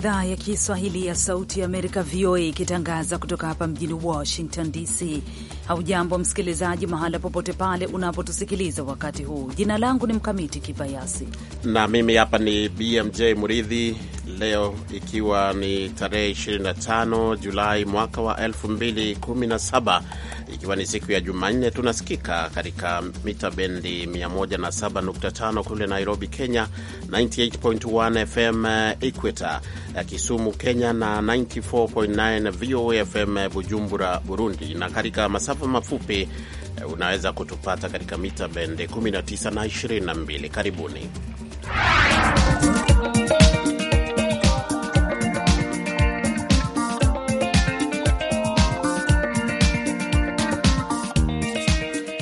idhaa ya Kiswahili ya Sauti ya Amerika, VOA, ikitangaza kutoka hapa mjini Washington DC. Haujambo msikilizaji, mahala popote pale unapotusikiliza wakati huu. Jina langu ni Mkamiti Kibayasi na mimi hapa ni BMJ Muridhi, leo ikiwa ni tarehe 25 Julai mwaka wa 2017 ikiwa ni siku ya Jumanne. Tunasikika katika mita bendi 107.5 kule Nairobi, Kenya, 98.1 FM eh, Equator ya eh, Kisumu, Kenya na 94.9 VOA FM Bujumbura, Burundi, na katika masafa mafupi eh, unaweza kutupata katika mita bendi 19 na 22. Karibuni.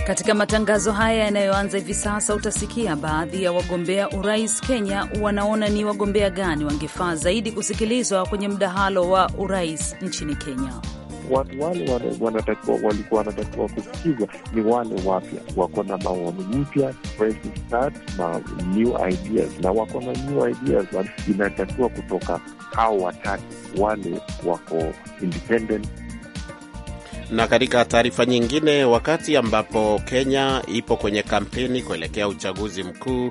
Katika matangazo haya yanayoanza hivi sasa utasikia baadhi ya wagombea urais Kenya wanaona ni wagombea gani wangefaa zaidi kusikilizwa kwenye mdahalo wa urais nchini Kenya. Watu wale wanatakiwa walikuwa wanatakiwa kusikizwa ni wale wapya, wako na maoni mpya, fresh start na new ideas, na wako na new ideas inatakiwa kutoka hao watatu wale wako independent na katika taarifa nyingine, wakati ambapo Kenya ipo kwenye kampeni kuelekea uchaguzi mkuu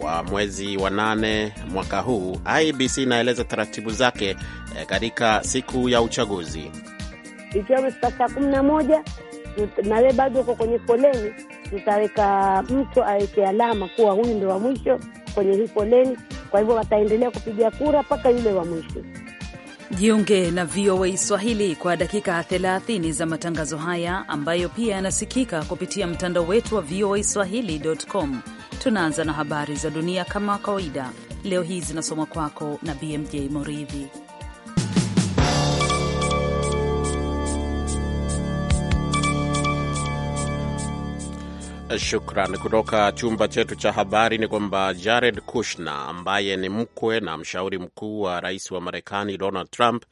wa mwezi wa nane mwaka huu, IBC inaeleza taratibu zake eh, katika siku ya uchaguzi. Ikiwa imefika saa kumi na moja na bado uko kwenye foleni, tutaweka mtu aweke alama kuwa huyu ndo wa mwisho kwenye hii foleni. Kwa hivyo wataendelea kupiga kura mpaka yule wa mwisho. Jiunge na VOA Swahili kwa dakika 30 za matangazo haya ambayo pia yanasikika kupitia mtandao wetu wa VOA Swahili.com. Tunaanza na habari za dunia kama kawaida. Leo hii zinasomwa kwako na BMJ Moridhi. Shukran. Kutoka chumba chetu cha habari ni kwamba Jared Kushner ambaye ni mkwe na mshauri mkuu wa rais wa Marekani Donald Trump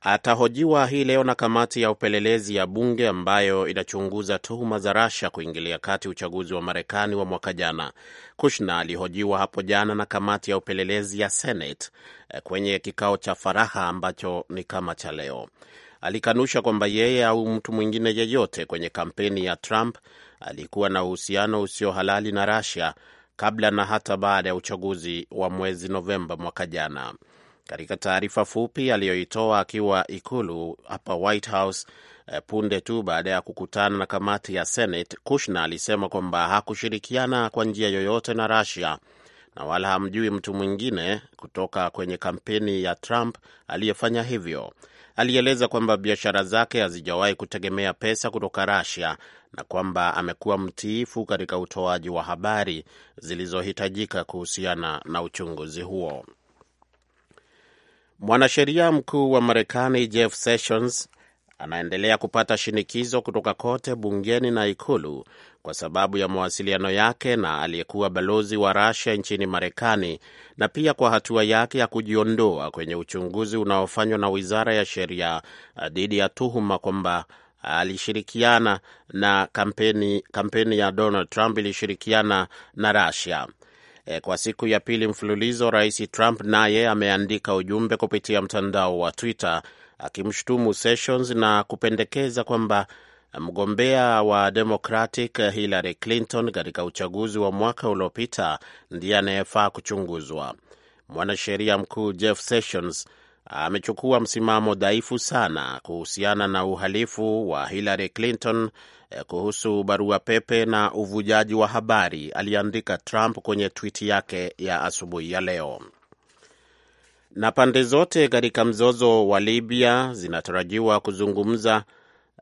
atahojiwa hii leo na kamati ya upelelezi ya bunge ambayo inachunguza tuhuma za Russia kuingilia kati uchaguzi wa Marekani wa mwaka jana. Kushner alihojiwa hapo jana na kamati ya upelelezi ya Senate eh, kwenye kikao cha faraha ambacho ni kama cha leo alikanusha kwamba yeye au mtu mwingine yeyote kwenye kampeni ya Trump alikuwa na uhusiano usio halali na Russia kabla na hata baada ya uchaguzi wa mwezi Novemba mwaka jana. Katika taarifa fupi aliyoitoa akiwa ikulu hapa White House eh, punde tu baada ya kukutana na kamati ya Senate, Kushner alisema kwamba hakushirikiana kwa njia yoyote na Russia na wala hamjui mtu mwingine kutoka kwenye kampeni ya Trump aliyefanya hivyo alieleza kwamba biashara zake hazijawahi kutegemea pesa kutoka Russia na kwamba amekuwa mtiifu katika utoaji wa habari zilizohitajika kuhusiana na uchunguzi huo. Mwanasheria mkuu wa Marekani Jeff Sessions anaendelea kupata shinikizo kutoka kote bungeni na ikulu kwa sababu ya mawasiliano yake na aliyekuwa balozi wa rasia nchini Marekani na pia kwa hatua yake ya kujiondoa kwenye uchunguzi unaofanywa na Wizara ya Sheria uh, dhidi ya tuhuma kwamba alishirikiana na kampeni, kampeni ya Donald Trump ilishirikiana na E, Kwa siku ya pili mfululizo, Rais Trump naye ameandika ujumbe kupitia mtandao wa Twitter akimshutumu Sessions na kupendekeza kwamba Mgombea wa Democratic Hillary Clinton katika uchaguzi wa mwaka uliopita ndiye anayefaa kuchunguzwa. Mwanasheria mkuu Jeff Sessions amechukua msimamo dhaifu sana kuhusiana na uhalifu wa Hillary Clinton eh, kuhusu barua pepe na uvujaji wa habari, aliandika Trump kwenye twiti yake ya asubuhi ya leo. Na pande zote katika mzozo wa Libya zinatarajiwa kuzungumza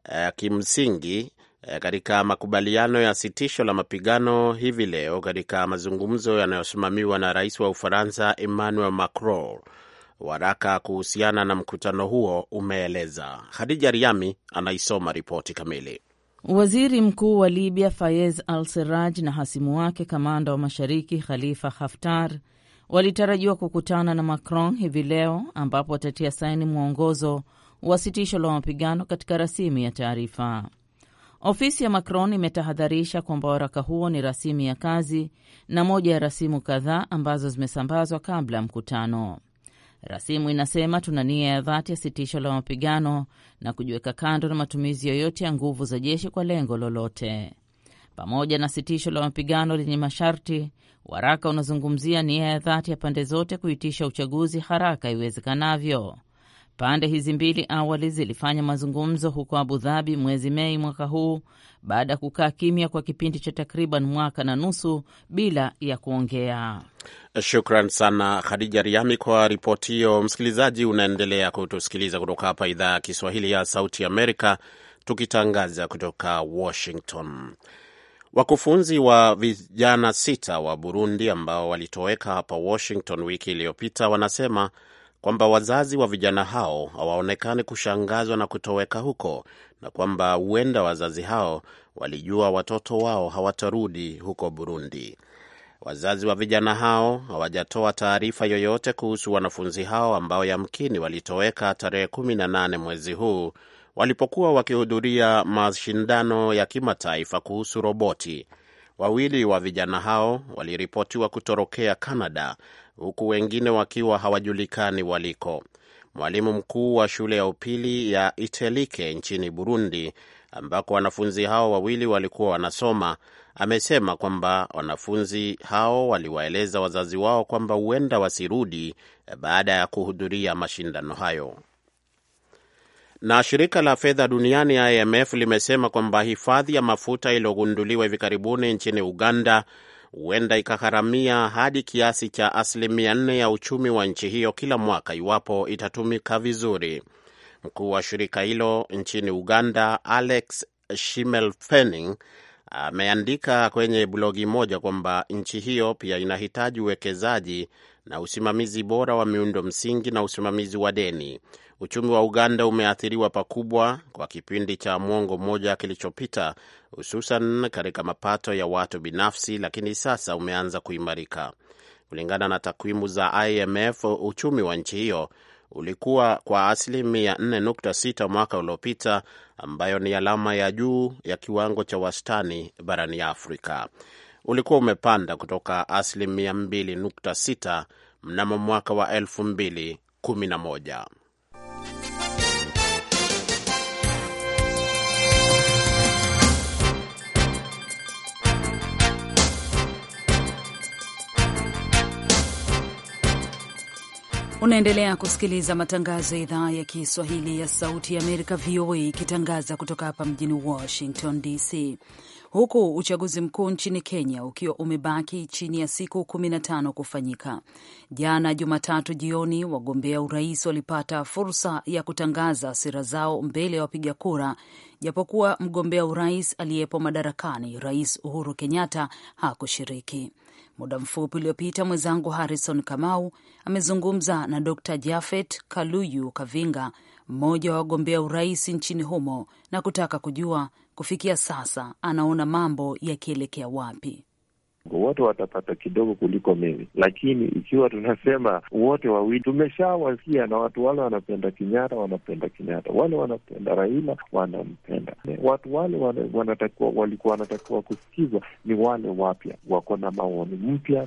uh, kimsingi uh, katika makubaliano ya sitisho la mapigano hivi leo katika mazungumzo yanayosimamiwa na rais wa Ufaransa Emmanuel Macron. Waraka kuhusiana na mkutano huo umeeleza. Khadija Riami anaisoma ripoti kamili. Waziri Mkuu wa Libya Fayez Al Seraj na hasimu wake kamanda wa mashariki Khalifa Haftar walitarajiwa kukutana na Macron hivi leo ambapo watatia saini mwongozo wa sitisho la mapigano katika rasimu ya taarifa. Ofisi ya Macron imetahadharisha kwamba waraka huo ni rasimu ya kazi na moja ya rasimu kadhaa ambazo zimesambazwa kabla ya mkutano. Rasimu inasema tuna nia ya dhati ya sitisho la mapigano na kujiweka kando na matumizi yoyote ya nguvu za jeshi kwa lengo lolote. Pamoja na sitisho la mapigano lenye masharti, waraka unazungumzia nia ya dhati ya pande zote kuitisha uchaguzi haraka iwezekanavyo. Pande hizi mbili awali zilifanya mazungumzo huko Abu Dhabi mwezi Mei mwaka huu baada ya kukaa kimya kwa kipindi cha takriban mwaka na nusu bila ya kuongea. Shukran sana Khadija Riami kwa ripoti hiyo. Msikilizaji, unaendelea kutusikiliza kutoka hapa idhaa ya Kiswahili ya Sauti Amerika, tukitangaza kutoka Washington. Wakufunzi wa vijana sita wa Burundi ambao walitoweka hapa Washington wiki iliyopita wanasema kwamba wazazi wa vijana hao hawaonekani kushangazwa na kutoweka huko na kwamba huenda wazazi hao walijua watoto wao hawatarudi huko Burundi. Wazazi wa vijana hao hawajatoa taarifa yoyote kuhusu wanafunzi hao ambao yamkini walitoweka tarehe 18 mwezi huu walipokuwa wakihudhuria mashindano ya kimataifa kuhusu roboti. Wawili wa vijana hao waliripotiwa kutorokea Canada huku wengine wakiwa hawajulikani waliko. Mwalimu mkuu wa shule ya upili ya Itelike nchini Burundi, ambako wanafunzi hao wawili walikuwa wanasoma, amesema kwamba wanafunzi hao waliwaeleza wazazi wao kwamba huenda wasirudi baada ya kuhudhuria mashindano hayo. Na shirika la fedha duniani IMF limesema kwamba hifadhi ya mafuta iliyogunduliwa hivi karibuni nchini Uganda huenda ikagharamia hadi kiasi cha asilimia nne ya uchumi wa nchi hiyo kila mwaka iwapo itatumika vizuri. Mkuu wa shirika hilo nchini Uganda, Alex Shimelfening, ameandika kwenye blogi moja kwamba nchi hiyo pia inahitaji uwekezaji na usimamizi bora wa miundo msingi na usimamizi wa deni. Uchumi wa Uganda umeathiriwa pakubwa kwa kipindi cha mwongo mmoja kilichopita, hususan katika mapato ya watu binafsi, lakini sasa umeanza kuimarika. Kulingana na takwimu za IMF, uchumi wa nchi hiyo ulikuwa kwa asilimia 4.6 mwaka uliopita, ambayo ni alama ya juu ya kiwango cha wastani barani Afrika. Ulikuwa umepanda kutoka asilimia 2.6 mnamo mwaka wa 2011. Unaendelea kusikiliza matangazo ya idhaa ya Kiswahili ya Sauti ya Amerika, VOA, ikitangaza kutoka hapa mjini Washington DC. Huku uchaguzi mkuu nchini Kenya ukiwa umebaki chini ya siku 15 kufanyika, jana Jumatatu jioni wagombea urais walipata fursa ya kutangaza sera zao mbele ya wapiga kura, japokuwa mgombea urais aliyepo madarakani, Rais Uhuru Kenyatta, hakushiriki. Muda mfupi uliopita mwenzangu Harrison Kamau amezungumza na Dr Jafet Kaluyu Kavinga, mmoja wa wagombea urais nchini humo, na kutaka kujua kufikia sasa anaona mambo yakielekea wapi wote watapata kidogo kuliko mimi, lakini ikiwa tunasema wote wawili, tumeshawasia na watu wale wanapenda kinyatta wanapenda kinyatta wale wanapenda Raila wanampenda. Watu wale wanatakiwa walikuwa wanatakiwa kusikizwa ni wale wapya, wako na maoni mpya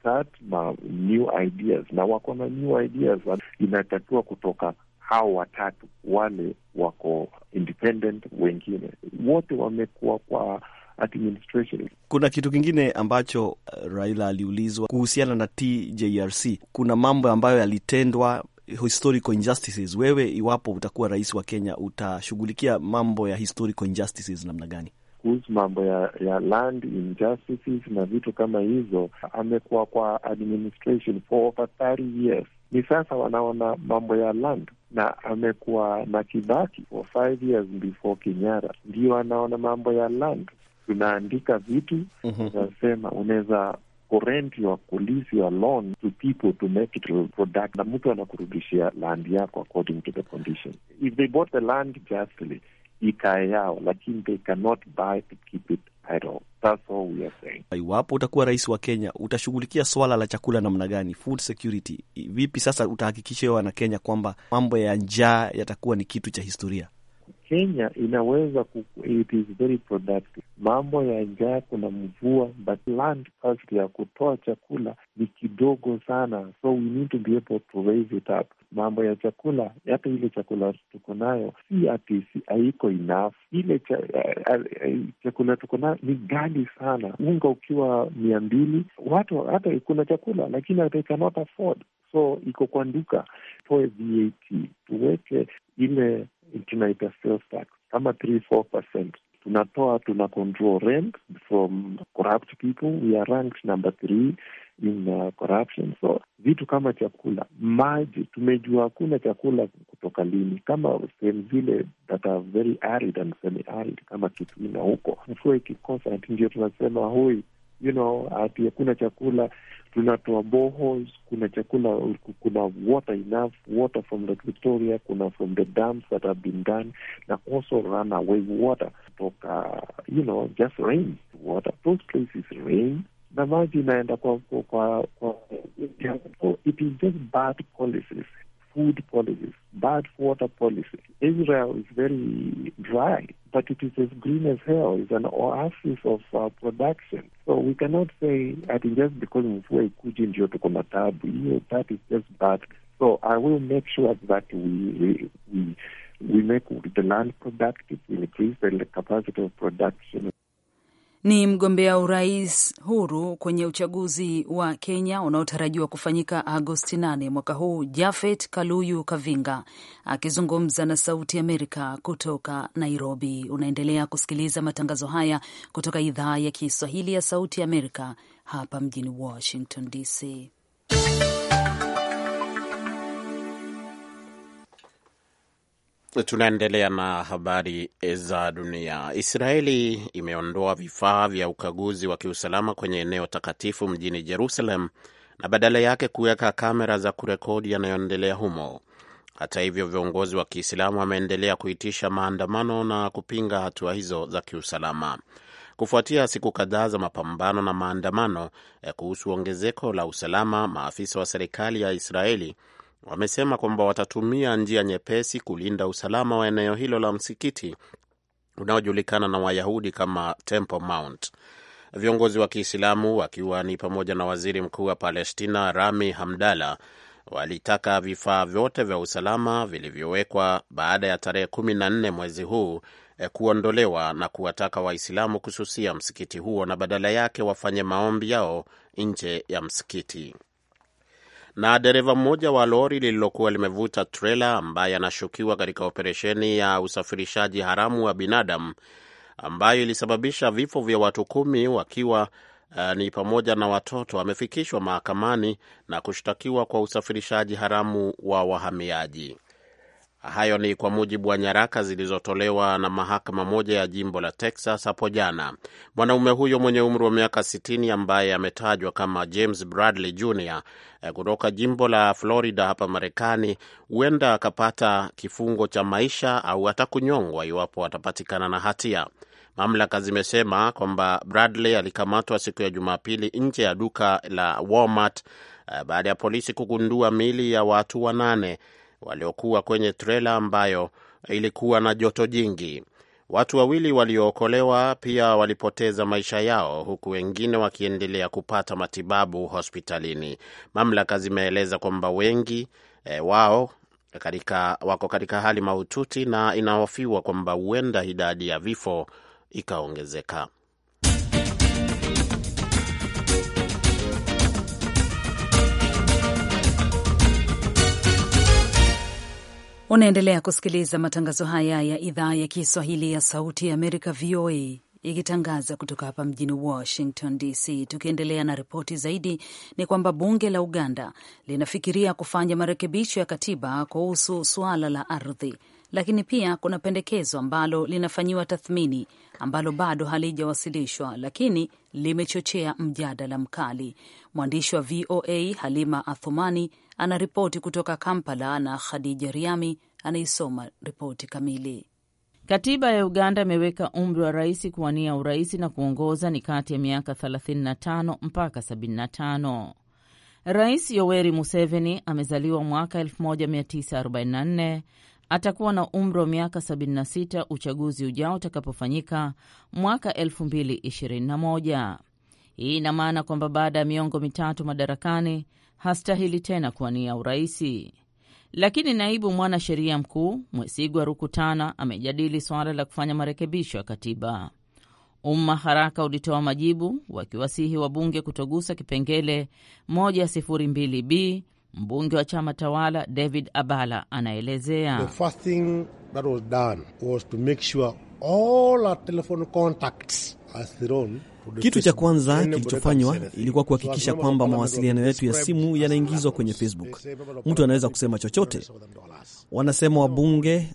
start ma new ideas na wako na new ideas inatakiwa kutoka hao watatu, wale wako independent, wengine wote wamekuwa kwa administration. Kuna kitu kingine ambacho uh, Raila aliulizwa kuhusiana na TJRC. Kuna mambo ambayo yalitendwa historical injustices. Wewe iwapo utakuwa rais wa Kenya, utashughulikia mambo ya historical injustices namna gani? Kuhusu mambo ya, ya land injustices na vitu kama hizo, amekuwa kwa administration for over 30 years. Ni sasa wanaona mambo ya land na amekuwa na Kibaki for five years before Kenyatta, ndiyo anaona mambo ya land tunaandika vitu mhm. tunasema, mm -hmm. unaweza korenti wa kulisi wa loan to people to make it product, na mtu anakurudishia land yako according to the condition if they bought the land justly ikae yao, lakini they cannot buy to keep it idle. That's all we are saying. Iwapo utakuwa rais wa Kenya, utashughulikia swala la chakula namna gani, food security vipi? Sasa utahakikisha wana Kenya kwamba mambo ya njaa yatakuwa ni kitu cha historia. Kenya inaweza ku, it is very productive. Mambo ya njaa, kuna mvua, but land ya kutoa chakula ni kidogo sana, so we need to be able to raise it up. Mambo ya chakula, hata ile chakula tuko nayo si ati haiko enough. Ile cha, uh, uh, chakula tuko nayo ni ghali sana. Unga ukiwa mia mbili, watu hata kuna chakula lakini they cannot afford, so iko kwa nduka toe VAT tuweke ile tunaita sales tax kama Tunatoa, tuna control rent from corrupt people. We are ranked number in uh, corruption. So vitu kama chakula, maji, tumejua hakuna chakula kutoka lini, kama sehemu zile that are very arid and semi arid kama kituina huko, mfua ikikosa ndio tunasema hui you know, ati hakuna chakula tunatoa boreholes, kuna chakula, kuna water enough water from the Victoria, kuna from the dams that have been done na also run away water toka, you know just rain water those places rain na maji inaenda kwa, kwa, kwa, kwa, it is just bad policies food policies, bad water policies. Israel is very dry, but it is as green as hell. It's an oasis of uh, production. So we cannot say, I think just because mvua ikuji ndio tuko That is just bad. So I will make sure that we, we, we make the land productive, we increase the capacity of production. ni mgombea urais huru kwenye uchaguzi wa Kenya unaotarajiwa kufanyika Agosti 8 mwaka huu, Jafet Kaluyu Kavinga akizungumza na Sauti Amerika kutoka Nairobi. Unaendelea kusikiliza matangazo haya kutoka idhaa ya Kiswahili ya Sauti Amerika hapa mjini Washington DC. Tunaendelea na habari za dunia. Israeli imeondoa vifaa vya ukaguzi wa kiusalama kwenye eneo takatifu mjini Jerusalem na badala yake kuweka kamera za kurekodi yanayoendelea humo. Hata hivyo, viongozi wa Kiislamu wameendelea kuitisha maandamano na kupinga hatua hizo za kiusalama kufuatia siku kadhaa za mapambano na maandamano eh, kuhusu ongezeko la usalama. Maafisa wa serikali ya Israeli wamesema kwamba watatumia njia nyepesi kulinda usalama wa eneo hilo la msikiti unaojulikana na Wayahudi kama Temple Mount. Viongozi wa Kiislamu wakiwa ni pamoja na waziri mkuu wa Palestina Rami Hamdala walitaka vifaa vyote vya usalama vilivyowekwa baada ya tarehe kumi na nne mwezi huu e, kuondolewa na kuwataka Waislamu kususia msikiti huo na badala yake wafanye maombi yao nje ya msikiti na dereva mmoja wa lori lililokuwa limevuta trela ambaye anashukiwa katika operesheni ya usafirishaji haramu wa binadamu ambayo ilisababisha vifo vya watu kumi wakiwa uh, ni pamoja na watoto amefikishwa mahakamani na kushtakiwa kwa usafirishaji haramu wa wahamiaji. Hayo ni kwa mujibu wa nyaraka zilizotolewa na mahakama moja ya jimbo la Texas hapo jana. Mwanaume huyo mwenye umri wa miaka 60 ambaye ametajwa kama James Bradley Jr eh, kutoka jimbo la Florida hapa Marekani huenda akapata kifungo cha maisha au hata kunyongwa iwapo atapatikana na hatia. Mamlaka zimesema kwamba Bradley alikamatwa siku ya Jumapili nje ya duka la Walmart eh, baada ya polisi kugundua miili ya watu wanane waliokuwa kwenye trela ambayo ilikuwa na joto jingi. Watu wawili waliookolewa pia walipoteza maisha yao huku wengine wakiendelea kupata matibabu hospitalini. Mamlaka zimeeleza kwamba wengi e, wao katika, wako katika hali mahututi na inahofiwa kwamba huenda idadi ya vifo ikaongezeka. Unaendelea kusikiliza matangazo haya ya idhaa ya Kiswahili ya Sauti ya Amerika, VOA, ikitangaza kutoka hapa mjini Washington DC. Tukiendelea na ripoti zaidi, ni kwamba bunge la Uganda linafikiria kufanya marekebisho ya katiba kuhusu suala la ardhi, lakini pia kuna pendekezo ambalo linafanyiwa tathmini ambalo bado halijawasilishwa, lakini limechochea mjadala mkali. Mwandishi wa VOA Halima Athumani Anaripoti kutoka Kampala na Khadija Riami anaisoma ripoti kamili. Katiba ya Uganda imeweka umri wa rais kuwania urais na kuongoza ni kati ya miaka 35 mpaka 75. Rais Yoweri Museveni amezaliwa mwaka 1944 atakuwa na umri wa miaka 76 uchaguzi ujao utakapofanyika mwaka 2021. Hii ina maana kwamba baada ya miongo mitatu madarakani hastahili tena kuwania uraisi. Lakini naibu mwanasheria mkuu Mwesigwa Rukutana amejadili suala la kufanya marekebisho ya katiba. Umma haraka ulitoa majibu wakiwasihi wabunge kutogusa kipengele 102b. Mbunge wa chama tawala David Abala anaelezea sure kitu cha kwanza kilichofanywa ilikuwa kuhakikisha kwamba mawasiliano yetu ya simu yanaingizwa kwenye Facebook. Mtu anaweza kusema chochote. Wanasema wabunge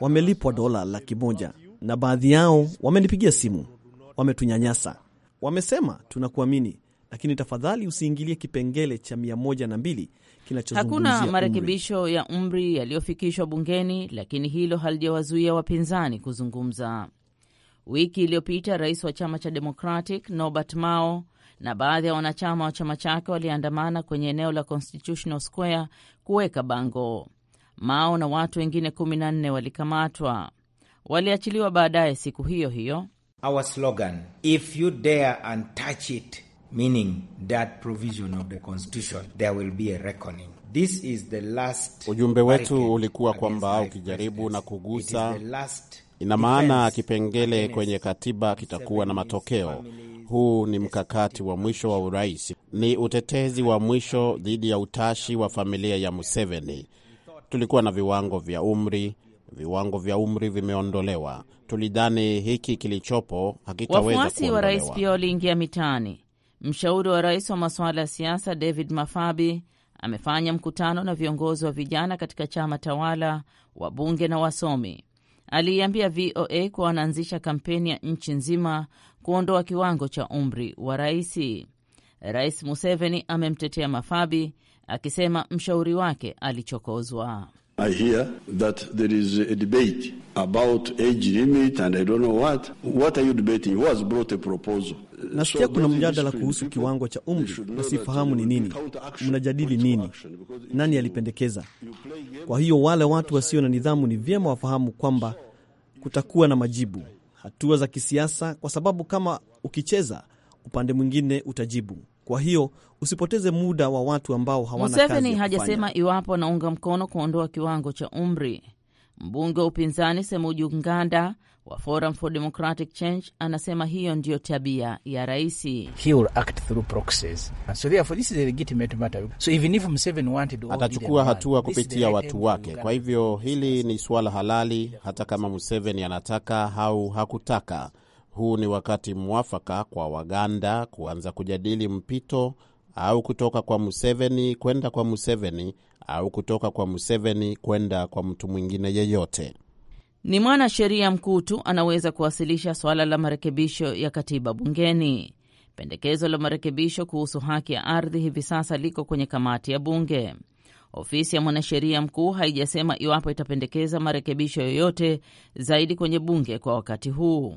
wamelipwa dola laki moja na baadhi yao wamenipigia simu, wametunyanyasa, wamesema tunakuamini, lakini tafadhali usiingilie kipengele cha mia moja na mbili Hakuna marekebisho ya umri yaliyofikishwa bungeni, lakini hilo halijawazuia wapinzani kuzungumza. Wiki iliyopita rais wa chama cha Democratic Norbert Mao na baadhi ya wanachama wa chama chake waliandamana kwenye eneo la Constitutional Square kuweka bango. Mao na watu wengine kumi na nne walikamatwa, waliachiliwa baadaye siku hiyo hiyo. Our slogan, if you dare and touch it, meaning that provision of the constitution, there will be a reckoning. This is the last. Ujumbe wetu ulikuwa kwamba ukijaribu na kugusa Ina maana kipengele kwenye katiba kitakuwa na matokeo. Huu ni mkakati wa mwisho wa urais, ni utetezi wa mwisho dhidi ya utashi wa familia ya Museveni. Tulikuwa na viwango vya umri, viwango vya umri vimeondolewa. Tulidhani hiki kilichopo hakitaweza kuondolewa. Wafuasi wa rais pia waliingia mitaani. Mshauri wa rais wa masuala ya siasa David Mafabi amefanya mkutano na viongozi wa vijana katika chama tawala, wabunge na wasomi aliiambia VOA kuwa wanaanzisha kampeni ya nchi nzima kuondoa kiwango cha umri wa raisi. Rais Museveni amemtetea Mafabi akisema mshauri wake alichokozwa. I hear that there is a debate about age limit and I don't know what. What are you debating? Who has brought a proposal? Nasikia kuna mjadala kuhusu kiwango cha umri na sifahamu ni nini. Mnajadili nini? Nani alipendekeza? Kwa hiyo wale watu wasio na nidhamu ni vyema wafahamu kwamba kutakuwa na majibu, hatua za kisiasa, kwa sababu kama ukicheza upande mwingine utajibu. Kwa hiyo usipoteze muda wa watu ambao hawana kazi. hajasema iwapo anaunga mkono kuondoa kiwango cha umri. Mbunge wa upinzani Semuju Nganda wa Forum for Democratic Change anasema hiyo ndiyo tabia ya raisi. Atachukua hatua kupitia watu wake. Kwa hivyo hili ni suala halali, hata kama Museveni anataka au hakutaka. Huu ni wakati mwafaka kwa Waganda kuanza kujadili mpito au kutoka kwa Museveni kwenda kwa Museveni au kutoka kwa Museveni kwenda kwa mtu mwingine yeyote. Ni mwanasheria mkuu tu anaweza kuwasilisha suala la marekebisho ya katiba bungeni. Pendekezo la marekebisho kuhusu haki ya ardhi hivi sasa liko kwenye kamati ya bunge. Ofisi ya mwanasheria mkuu haijasema iwapo itapendekeza marekebisho yoyote zaidi kwenye bunge kwa wakati huu.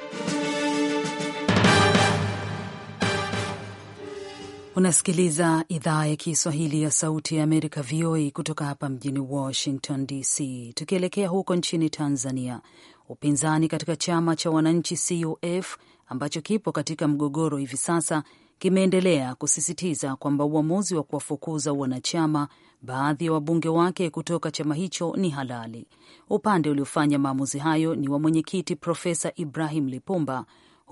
Unasikiliza idhaa ya Kiswahili ya Sauti ya Amerika, VOA, kutoka hapa mjini Washington DC. Tukielekea huko nchini Tanzania, upinzani katika chama cha wananchi CUF ambacho kipo katika mgogoro hivi sasa kimeendelea kusisitiza kwamba uamuzi wa kuwafukuza wanachama baadhi ya wabunge wake kutoka chama hicho ni halali. Upande uliofanya maamuzi hayo ni wa mwenyekiti Profesa Ibrahim Lipumba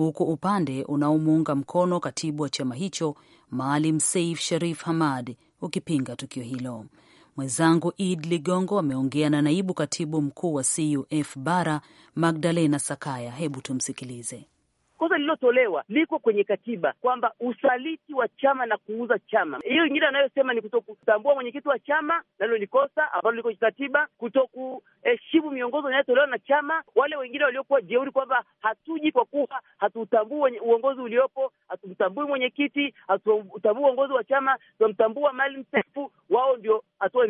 huku upande unaomuunga mkono katibu wa chama hicho Maalim Seif Sharif Hamad ukipinga tukio hilo. Mwenzangu Id Ligongo ameongea na naibu katibu mkuu wa CUF Bara, Magdalena Sakaya. Hebu tumsikilize kosa lililotolewa liko kwenye katiba kwamba usaliti wa chama na kuuza chama. Hiyo ingine anayosema ni kutokutambua mwenyekiti wa chama, nalo ni kosa ambalo liko kwenye katiba, kutokuheshimu eh, miongozo inayotolewa na chama. Wale wengine waliokuwa jeuri kwamba hatuji kwa kuwa hatutambui uongozi uliopo, hatumtambui mwenyekiti, hatutambui uongozi wa chama, tunamtambua mali msefu, wao ndio hatua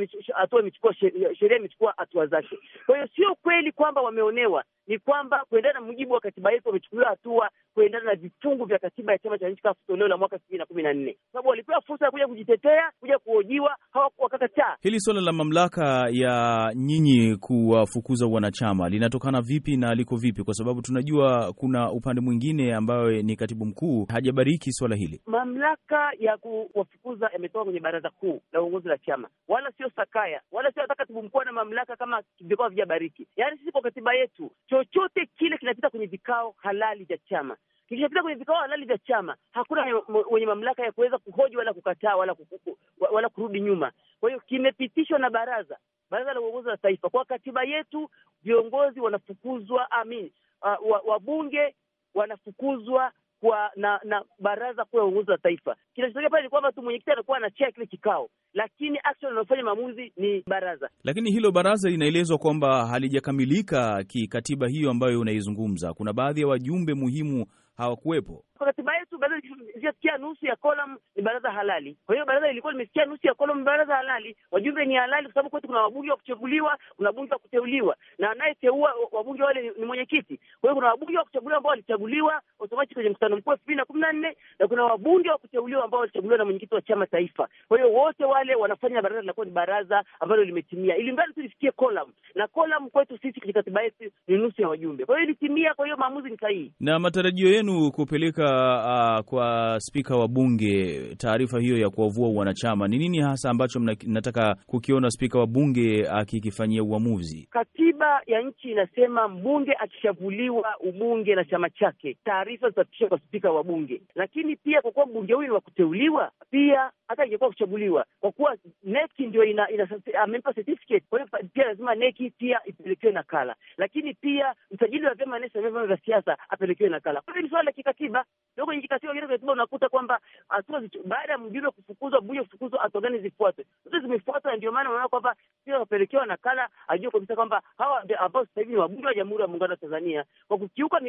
imechukua, sheria imechukua hatua zake. Kwa hiyo sio kweli kwamba wameonewa, ni kwamba kuendana na mujibu wa katiba yetu wamechukuliwa hatua kuendana na vifungu vya katiba ya chama cha nchi kafu toleo la mwaka elfu mbili na kumi na nne kwa sababu walipewa fursa ya kuja kujitetea, kuja kuhojiwa, hawakakataa. Hili suala la mamlaka ya nyinyi kuwafukuza wanachama linatokana vipi na liko vipi? Kwa sababu tunajua kuna upande mwingine ambayo ni katibu mkuu hajabariki swala hili. Mamlaka ya kuwafukuza yametoka kwenye baraza kuu la uongozi la chama wala sio sakaya wala sio hata katibu mkuu mamlaka kama vikao havijabariki. Yaani sisi kwa katiba yetu, chochote kile kinapita kwenye vikao halali vya chama kikishapita kwenye vikao halali vya chama, hakuna wenye mamlaka ya kuweza kuhoji wala kukataa wala kukuku, wala kurudi nyuma. Kwa hiyo kimepitishwa na baraza baraza la uongozi wa taifa. Kwa katiba yetu viongozi wanafukuzwa, amin, uh, wabunge wanafukuzwa kwa na na baraza kuu la uongozi wa taifa. Kinachotokea pale ni kwamba tu mwenyekiti anakuwa anachea kile kikao, lakini action anayofanya maamuzi ni baraza. Lakini hilo baraza linaelezwa kwamba halijakamilika kikatiba hiyo ambayo unaizungumza. Kuna baadhi ya wajumbe muhimu hawakuwepo kwa katiba yetu baraza ilisikia nusu ya kolam ni baraza halali. Kwa hiyo baraza ilikuwa limesikia nusu ya column baraza halali, wajumbe ni halali, kwa sababu kwetu kuna wabunge wa kuchaguliwa, kuna wabunge wa kuteuliwa, na anayeteua wabunge wale ni mwenyekiti. Kwa hiyo kuna wabunge wa kuchaguliwa ambao walichaguliwa automatic kwenye mkutano mkuu elfu mbili na kumi na nne na kuna wabunge wa kuteuliwa ambao walichaguliwa na mwenyekiti wa chama taifa. Kwa hiyo wote wale wanafanya baraza linakuwa ni baraza ambalo limetimia, ili mbali tu lifikie kolam, na kolam kwetu sisi katika katiba yetu ni nusu ya wajumbe. Kwa hiyo ilitimia, kwa hiyo maamuzi ni sahihi. Na matarajio yenu kupeleka uh, kwa spika wa bunge taarifa hiyo ya kuwavua wanachama, ni nini hasa ambacho mnataka kukiona spika wa bunge akikifanyia uamuzi? Katiba ya nchi inasema mbunge akishavuliwa ubunge na chama chake, taarifa zitapitishwa kwa spika wa bunge. Lakini pia kwa kuwa mbunge huyu ni wa kuteuliwa, pia hata ingekuwa kuchaguliwa, kwa kuwa neki ndio ina, ina, amempa certificate, kwa hiyo pia lazima neki pia ipelekewe nakala, lakini pia msajili wa vyama vyama vya siasa apelekewe nakala. Kwa hiyo ni suala la kikatiba. Leo nchi katiba nyingine katiba unakuta kwamba hatua baada ya mjumbe kufukuzwa bunge kufukuzwa hatua gani zifuatwe. Zote zimefuatwa ndio maana unaona kwamba sio wapelekewa nakala ajue kabisa kwamba hawa ambao sasa hivi ni wabunge wa Jamhuri ya Muungano wa Tanzania kwa kukiuka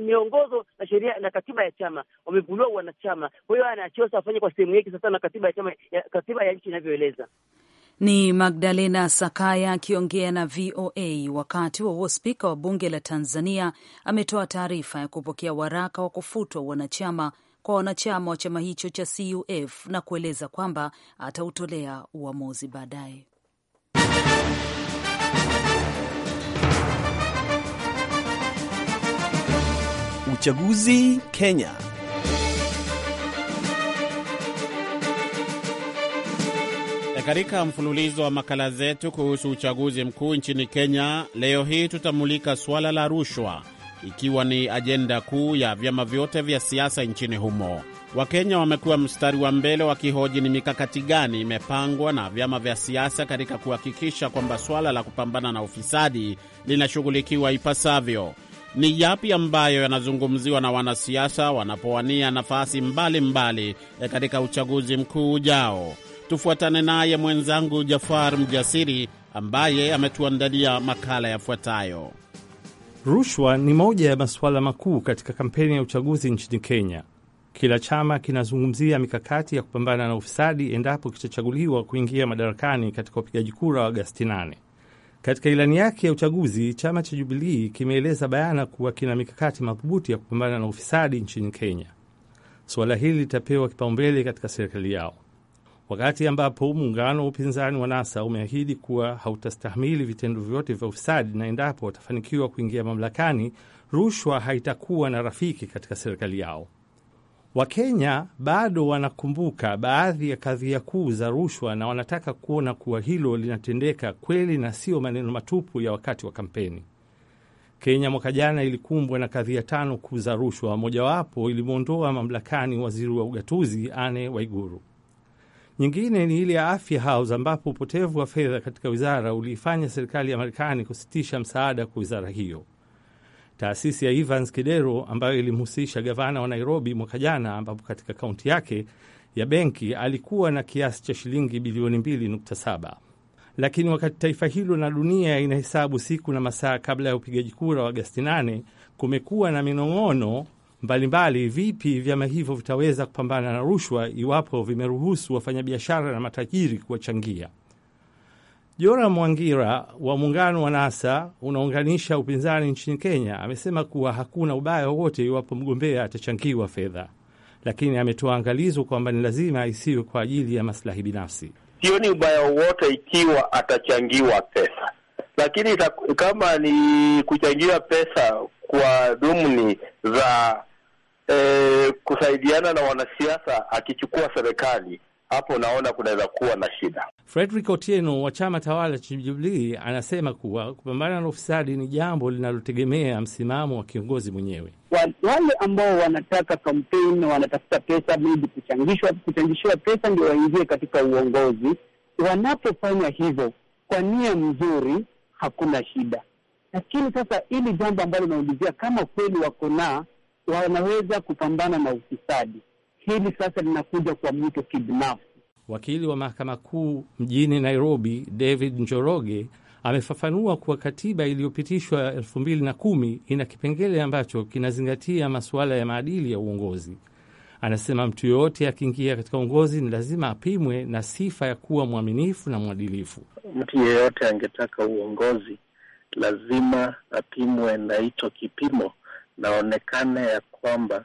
miongozo na sheria na katiba ya chama wamevuliwa wanachama. Kwa hiyo anaachiwa sasa afanye kwa sehemu yake sasa na katiba ya chama ya, katiba ya nchi inavyoeleza. Ni Magdalena Sakaya akiongea na VOA wakati wa huo. Spika wa bunge la Tanzania ametoa taarifa ya kupokea waraka wa kufutwa wanachama kwa wanachama wa chama hicho cha CUF na kueleza kwamba atautolea uamuzi baadaye. Uchaguzi Kenya. E, katika mfululizo wa makala zetu kuhusu uchaguzi mkuu nchini Kenya, leo hii tutamulika suala la rushwa ikiwa ni ajenda kuu ya vyama vyote vya siasa nchini humo. Wakenya wamekuwa mstari wa mbele wakihoji ni mikakati gani imepangwa na vyama vya siasa katika kuhakikisha kwamba suala la kupambana na ufisadi linashughulikiwa ipasavyo. Ni yapi ambayo yanazungumziwa na wanasiasa wanapowania nafasi mbalimbali mbali e, katika uchaguzi mkuu ujao? Tufuatane naye mwenzangu Jafar Mjasiri ambaye ametuandalia makala yafuatayo. Rushwa ni moja ya masuala makuu katika kampeni ya uchaguzi nchini Kenya. Kila chama kinazungumzia mikakati ya kupambana na ufisadi endapo kitachaguliwa kuingia madarakani katika upigaji kura wa Agasti 8. Katika ilani yake ya uchaguzi, chama cha Jubilii kimeeleza bayana kuwa kina mikakati madhubuti ya kupambana na ufisadi nchini Kenya. Suala hili litapewa kipaumbele katika serikali yao wakati ambapo muungano wa upinzani wa NASA umeahidi kuwa hautastahimili vitendo vyote vya ufisadi na endapo watafanikiwa kuingia mamlakani, rushwa haitakuwa na rafiki katika serikali yao. Wakenya bado wanakumbuka baadhi ya kadhia kuu za rushwa na wanataka kuona kuwa hilo linatendeka kweli na sio maneno matupu ya wakati wa kampeni. Kenya mwaka jana ilikumbwa na kadhia tano kuu za rushwa, mojawapo ilimwondoa mamlakani waziri wa ugatuzi Anne Waiguru. Nyingine ni ile ya Afya House ambapo upotevu wa fedha katika wizara uliifanya serikali ya Marekani kusitisha msaada kwa wizara hiyo. Taasisi ya Evans Kidero ambayo ilimhusisha gavana wa Nairobi mwaka jana, ambapo katika kaunti yake ya benki alikuwa na kiasi cha shilingi bilioni 2.7 lakini wakati taifa hilo na dunia inahesabu siku na masaa kabla ya upigaji kura wa Agasti 8, kumekuwa na minong'ono mbalimbali, vipi vyama hivyo vitaweza kupambana na rushwa iwapo vimeruhusu wafanyabiashara na matajiri kuwachangia? Jora Mwangira wa muungano wa NASA unaunganisha upinzani nchini Kenya amesema kuwa hakuna ubaya wowote iwapo mgombea atachangiwa fedha, lakini ametoa angalizo kwamba ni lazima isiwe kwa ajili ya maslahi binafsi. Sioni ubaya wowote ikiwa atachangiwa pesa, lakini kama ni kuchangiwa pesa kwa dhumuni za eh, kusaidiana na wanasiasa akichukua serikali hapo naona kunaweza kuwa na shida. Frederick Otieno wa chama tawala cha Jubilii anasema kuwa kupambana na ufisadi ni jambo linalotegemea msimamo wa kiongozi mwenyewe. Wale ambao wanataka kampeni, wanatafuta pesa, maybe kuchangishwa, kuchangishiwa pesa ndio waingie katika uongozi. Wanapofanya hivyo kwa nia mzuri, hakuna shida. Lakini sasa hili jambo ambalo linaulizia kama kweli wako na wanaweza kupambana na ufisadi. Hili sasa linakuja kwa mtu kibinafsi. Wakili wa mahakama kuu mjini Nairobi, David Njoroge, amefafanua kuwa katiba iliyopitishwa elfu mbili na kumi ina kipengele ambacho kinazingatia masuala ya maadili ya uongozi. Anasema mtu yoyote akiingia katika uongozi ni lazima apimwe na sifa ya kuwa mwaminifu na mwadilifu. Mtu yeyote angetaka uongozi lazima apimwe na hicho kipimo naonekana ya kwamba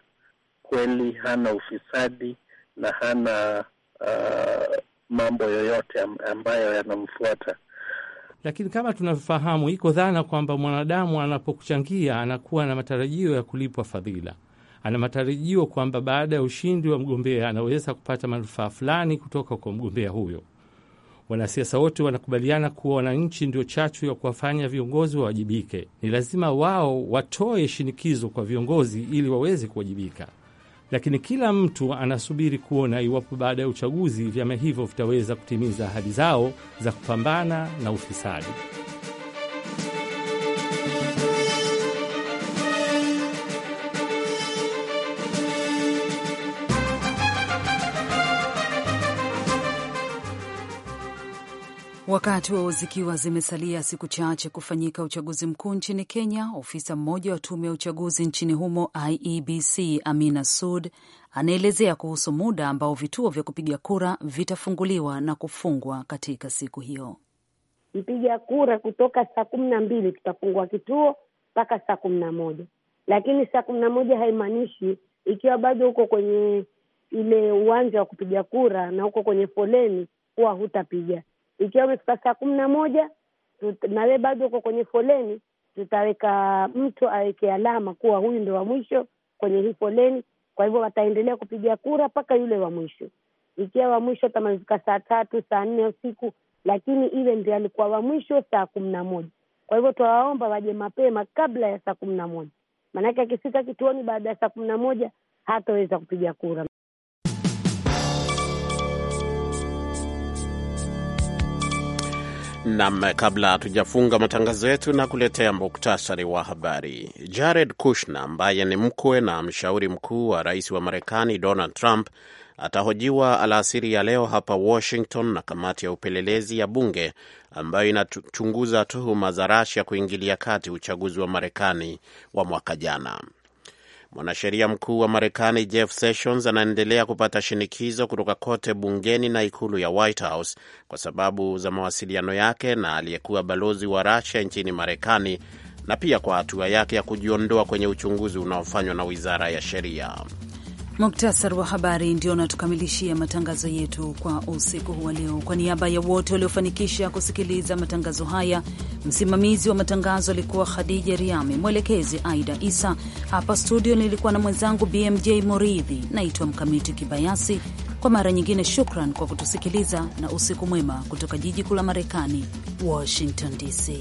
kweli hana ufisadi na hana uh, mambo yoyote ambayo yanamfuata. Lakini kama tunavyofahamu, iko dhana kwamba mwanadamu anapokuchangia anakuwa na matarajio ya kulipwa fadhila, ana matarajio kwamba baada ya ushindi wa mgombea anaweza kupata manufaa fulani kutoka kwa mgombea huyo. Wanasiasa wote wanakubaliana kuwa wananchi ndio chachu ya kuwafanya viongozi wawajibike. Ni lazima wao watoe shinikizo kwa viongozi ili waweze kuwajibika, lakini kila mtu anasubiri kuona iwapo baada ya uchaguzi vyama hivyo vitaweza kutimiza ahadi zao za kupambana na ufisadi. Wakati wa zikiwa zimesalia siku chache kufanyika uchaguzi mkuu nchini Kenya, ofisa mmoja wa tume ya uchaguzi nchini humo IEBC Amina Sud anaelezea kuhusu muda ambao vituo vya kupiga kura vitafunguliwa na kufungwa katika siku hiyo. Mpiga kura kutoka saa kumi na mbili tutafungua kituo mpaka saa kumi na moja lakini saa kumi na moja haimaanishi ikiwa bado huko kwenye ile uwanja wa kupiga kura na uko kwenye foleni huwa hutapiga ikiwa umefika saa kumi na moja nawe bado uko kwenye foleni, tutaweka mtu aweke alama kuwa huyu ndo wa mwisho kwenye hii foleni. Kwa hivyo wataendelea kupiga kura mpaka yule wa mwisho. Ikiwa wa mwisho atamalizika saa tatu saa nne usiku, lakini ile ndio alikuwa wa mwisho saa kumi na moja. Kwa hivyo twawaomba waje mapema kabla ya saa kumi na moja, maanake akifika kituoni baada ya saa kumi na moja hataweza kupiga kura. Nam, kabla hatujafunga matangazo yetu na kuletea muktasari wa habari, Jared Kushner ambaye ni mkwe na mshauri mkuu wa rais wa Marekani Donald Trump atahojiwa alasiri ya leo hapa Washington na kamati ya upelelezi ya bunge ambayo inachunguza tuhuma za rasia kuingilia kati uchaguzi wa Marekani wa mwaka jana. Mwanasheria mkuu wa Marekani Jeff Sessions anaendelea kupata shinikizo kutoka kote bungeni na ikulu ya White House kwa sababu za mawasiliano yake na aliyekuwa balozi wa Russia nchini Marekani na pia kwa hatua yake ya kujiondoa kwenye uchunguzi unaofanywa na wizara ya sheria. Muktasar wa habari ndio unatukamilishia matangazo yetu kwa usiku huwa leo. Kwa niaba ya wote waliofanikisha kusikiliza matangazo haya, msimamizi wa matangazo alikuwa Khadija Riami, mwelekezi Aida Isa. Hapa studio nilikuwa na mwenzangu BMJ Moridhi. Naitwa Mkamiti Kibayasi. Kwa mara nyingine, shukran kwa kutusikiliza na usiku mwema kutoka jiji kuu la Marekani, Washington DC.